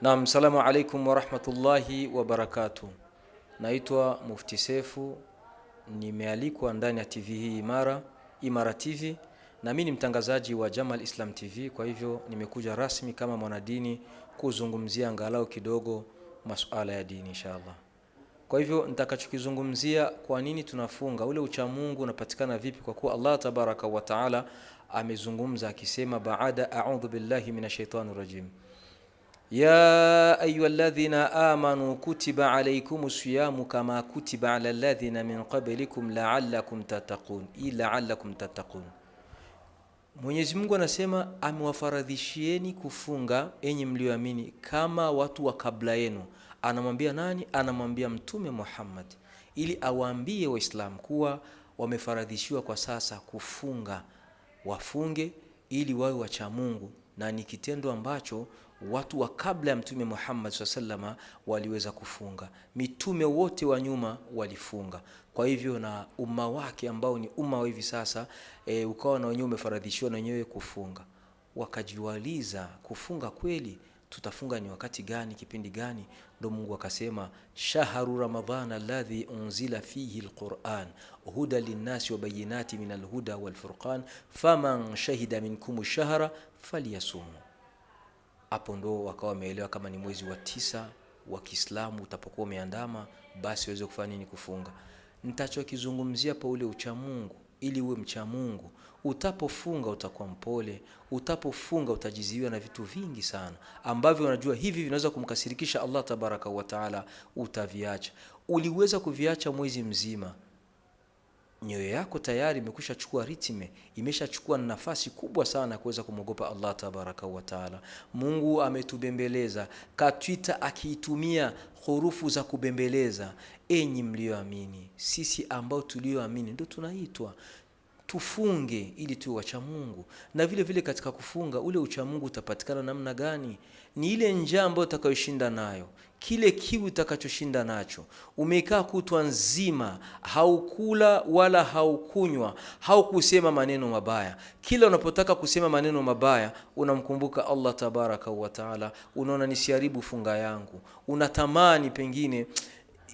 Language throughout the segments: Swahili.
Naam, salamu alaikum warahmatullahi wabarakatu. Naitwa Mufti Sefu, nimealikwa ndani ya TV hii Imara, Imara TV, na mimi ni mtangazaji wa Jamal Islam TV. Kwa hivyo nimekuja rasmi kama mwanadini kuzungumzia angalau kidogo masuala ya dini inshallah. Kwa hivyo nitakachokizungumzia, kwa nini tunafunga, ule uchamungu unapatikana vipi? Kwa kuwa Allah tabaraka wa taala amezungumza akisema, baada audhu billahi minashaitani rajim يا أيها الذين آمنوا كتب عليكم الصيام كما كتب على الذين من قبلكم لعلكم تتقون إي لعلكم تتقون Mwenyezi Mungu anasema amewafaradhishieni kufunga enyi mlioamini kama watu wa kabla yenu. Anamwambia nani? Anamwambia Mtume Muhammad ili awaambie Waislamu kuwa wamefaradhishiwa kwa sasa kufunga, wafunge ili wawe wacha Mungu na ni kitendo ambacho watu wa kabla ya Mtume Muhammad SAW waliweza kufunga. Mitume wote wa nyuma walifunga, kwa hivyo na umma wake ambao ni umma wa hivi sasa e, ukawa na wenyewe umefaradhishiwa na wenyewe kufunga. wakajiwaliza kufunga kweli tutafunga ni wakati gani, kipindi gani? Ndo Mungu akasema shaharu ramadhana alladhi unzila fihi alquran huda linnasi bayinati min alhuda walfurqan faman shahida minkum shahra falyasum. Hapo ndo wakawa wameelewa kama ni mwezi wa tisa wa Kiislamu utapokuwa umeandama, basi waweze kufanya nini? Kufunga. Nitachokizungumzia pa ule uchamungu ili uwe mcha Mungu. Utapofunga utakuwa mpole, utapofunga utajiziwa na vitu vingi sana ambavyo unajua hivi vinaweza kumkasirikisha Allah tabaraka wa taala, utaviacha. Uliweza kuviacha mwezi mzima nyoyo yako tayari imekusha chukua ritme, imeshachukua nafasi kubwa sana ya kuweza kumwogopa Allah tabaraka wa taala. Mungu ametubembeleza, katwita akiitumia hurufu za kubembeleza. Enyi mlioamini, sisi ambao tulioamini ndo tunaitwa tufunge ili tuwe wacha Mungu. Na vile vile katika kufunga ule ucha Mungu utapatikana namna gani? Ni ile njaa ambayo utakayoshinda nayo, kile kiu utakachoshinda nacho. Umekaa kutwa nzima haukula wala haukunywa, haukusema maneno mabaya. Kila unapotaka kusema maneno mabaya unamkumbuka Allah tabaraka wa taala, unaona nisiharibu funga yangu, unatamani pengine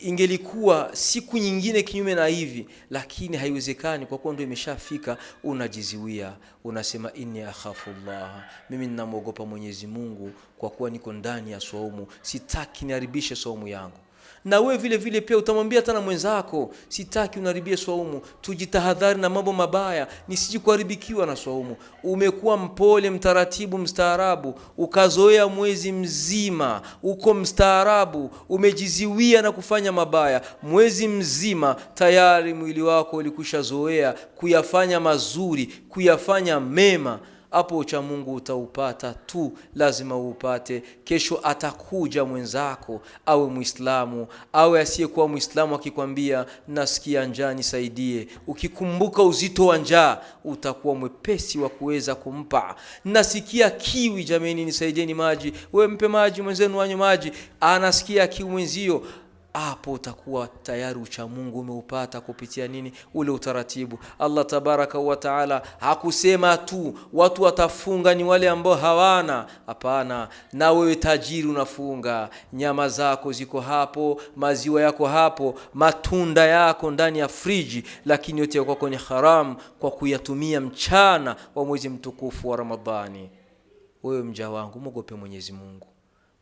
ingelikuwa siku nyingine kinyume na hivi, lakini haiwezekani kwa kuwa ndio imeshafika. Unajiziwia, unasema inni akhafu Allah, mimi ninamwogopa Mwenyezi Mungu kwa kuwa niko ndani ya saumu, sitaki niharibishe saumu yangu na wewe vile vile pia utamwambia hata na mwenzako, sitaki unaribie swaumu, tujitahadhari na mambo mabaya, nisiji kuharibikiwa na swaumu. Umekuwa mpole, mtaratibu, mstaarabu, ukazoea mwezi mzima, uko mstaarabu, umejiziwia na kufanya mabaya mwezi mzima, tayari mwili wako ulikushazoea kuyafanya mazuri, kuyafanya mema hapo uchamungu utaupata tu, lazima uupate. Kesho atakuja mwenzako, awe Mwislamu awe asiyekuwa Mwislamu, akikwambia nasikia njaa, nisaidie. Ukikumbuka uzito wa njaa, utakuwa mwepesi wa kuweza kumpa. Nasikia kiwi, jameni, nisaidieni maji. We mpe maji mwenzenu, anywe maji. Anasikia kiwi mwenzio hapo utakuwa tayari ucha Mungu umeupata kupitia nini? Ule utaratibu. Allah tabaraka wa taala hakusema tu watu watafunga ni wale ambao hawana. Hapana, na wewe tajiri unafunga, nyama zako ziko hapo, maziwa yako hapo, matunda yako ndani ya friji, lakini yote yako kwenye haram kwa kuyatumia mchana wa mwezi mtukufu wa Ramadhani. Wewe mja wangu, mwogope Mwenyezi Mungu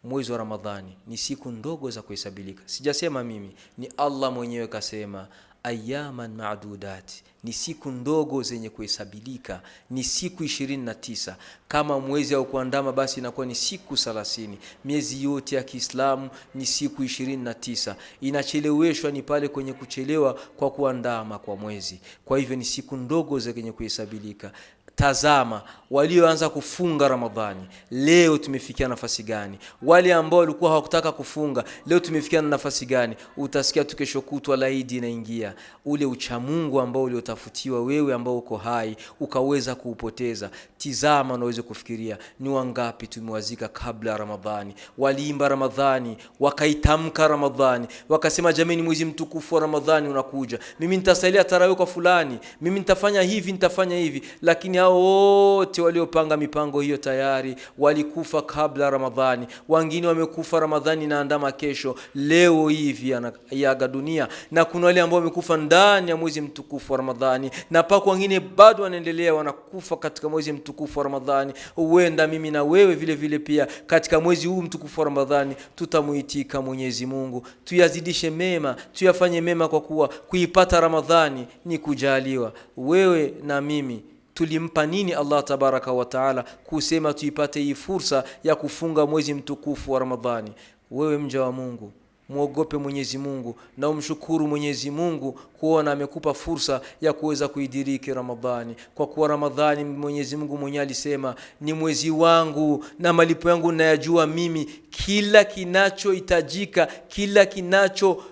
mwezi wa Ramadhani ni siku ndogo za kuhesabilika. Sijasema mimi, ni Allah mwenyewe kasema ayaman madudat, ni siku ndogo zenye kuhesabilika, ni siku 29. Kama mwezi au kuandama, basi inakuwa ni siku 30. Miezi yote ya Kiislamu ni siku 29, inacheleweshwa ni pale kwenye kuchelewa kwa kuandama kwa mwezi. Kwa hivyo ni siku ndogo zenye kuhesabilika. Tazama walioanza kufunga Ramadhani, leo tumefikia nafasi gani? Wale ambao walikuwa hawakutaka kufunga, leo tumefikia na nafasi gani? Utasikia tu kesho kutwa laidi inaingia. Ule uchamungu ambao uliotafutiwa wewe, ambao uko hai ukaweza kuupoteza, tizama na uweze kufikiria ni wangapi tumewazika kabla ya Ramadhani. Waliimba Ramadhani, wakaitamka Ramadhani, wakasema jamani, mwezi mtukufu wa Ramadhani unakuja, mimi nitasalia tarawih kwa fulani, mimi nitafanya hivi, nitafanya hivi, lakini hao wote waliopanga mipango hiyo tayari walikufa kabla Ramadhani, wengine wamekufa Ramadhani andama kesho leo hivi yaaga dunia, na kuna wale ambao wamekufa ndani ya mwezi mtukufu wa Ramadhani, na pako wengine bado wanaendelea wanakufa katika mwezi mtukufu wa Ramadhani. Huenda mimi na wewe vile vile pia katika mwezi huu mtukufu wa Ramadhani tutamuitika Mwenyezi Mungu, tuyazidishe mema, tuyafanye mema, kwa kuwa kuipata Ramadhani ni kujaliwa wewe na mimi tulimpa nini Allah tabaraka wa taala kusema tuipate hii fursa ya kufunga mwezi mtukufu wa Ramadhani? Wewe mja wa Mungu, mwogope Mwenyezi Mungu na umshukuru Mwenyezi Mungu kuona amekupa fursa ya kuweza kuidiriki Ramadhani, kwa kuwa Ramadhani Mwenyezi Mungu mwenyewe alisema ni mwezi wangu na malipo yangu nayajua mimi. Kila kinachohitajika, kila kinacho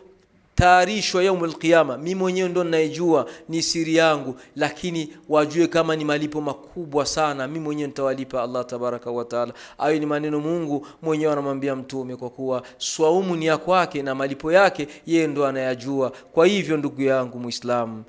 tayarishwa yaum alqiyama. Mimi mwenyewe ndo ninayejua, ni siri yangu, lakini wajue kama ni malipo makubwa sana. Mimi mwenyewe nitawalipa Allah tabaraka wa taala. Hayo ni maneno Mungu mwenyewe anamwambia Mtume, kwa kuwa swaumu ni ya kwake na malipo yake yeye ndo anayajua. Kwa hivyo ndugu yangu Muislamu,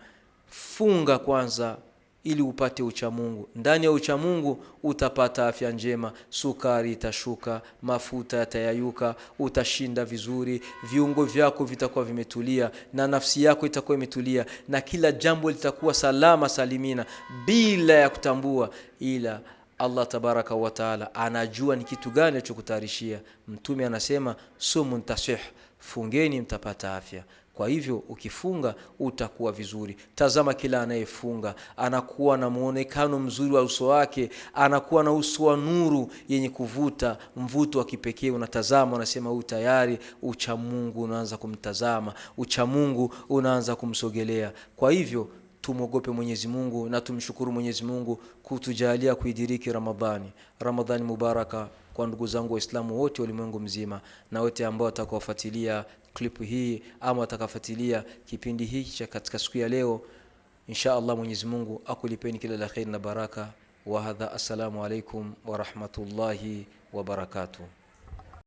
funga kwanza ili upate uchamungu. Ndani ya uchamungu utapata afya njema, sukari itashuka, mafuta yatayayuka, utashinda vizuri, viungo vyako vitakuwa vimetulia na nafsi yako itakuwa imetulia, na kila jambo litakuwa salama salimina, bila ya kutambua, ila Allah tabaraka wa taala anajua ni kitu gani alichokutayarishia. Mtume anasema sumun tasih, fungeni mtapata afya. Kwa hivyo ukifunga utakuwa vizuri. Tazama, kila anayefunga anakuwa na mwonekano mzuri wa uso wake, anakuwa na uso wa nuru yenye kuvuta, mvuto wa kipekee. Unatazama unasema, huyu tayari ucha Mungu unaanza kumtazama, ucha Mungu unaanza kumsogelea. Kwa hivyo tumwogope Mwenyezi Mungu na tumshukuru Mwenyezi Mungu kutujalia kuidiriki Ramadhani. Ramadhani mubaraka kwa ndugu zangu Waislamu wote ulimwengu mzima na wote ambao watakaofuatilia klipu hii ama watakafuatilia kipindi cha katika siku ya leo, insha Allah Mwenyezi Mungu akulipeni kila la kheri na baraka. Wa hadha, assalamu alaikum wa rahmatullahi wa barakatuh.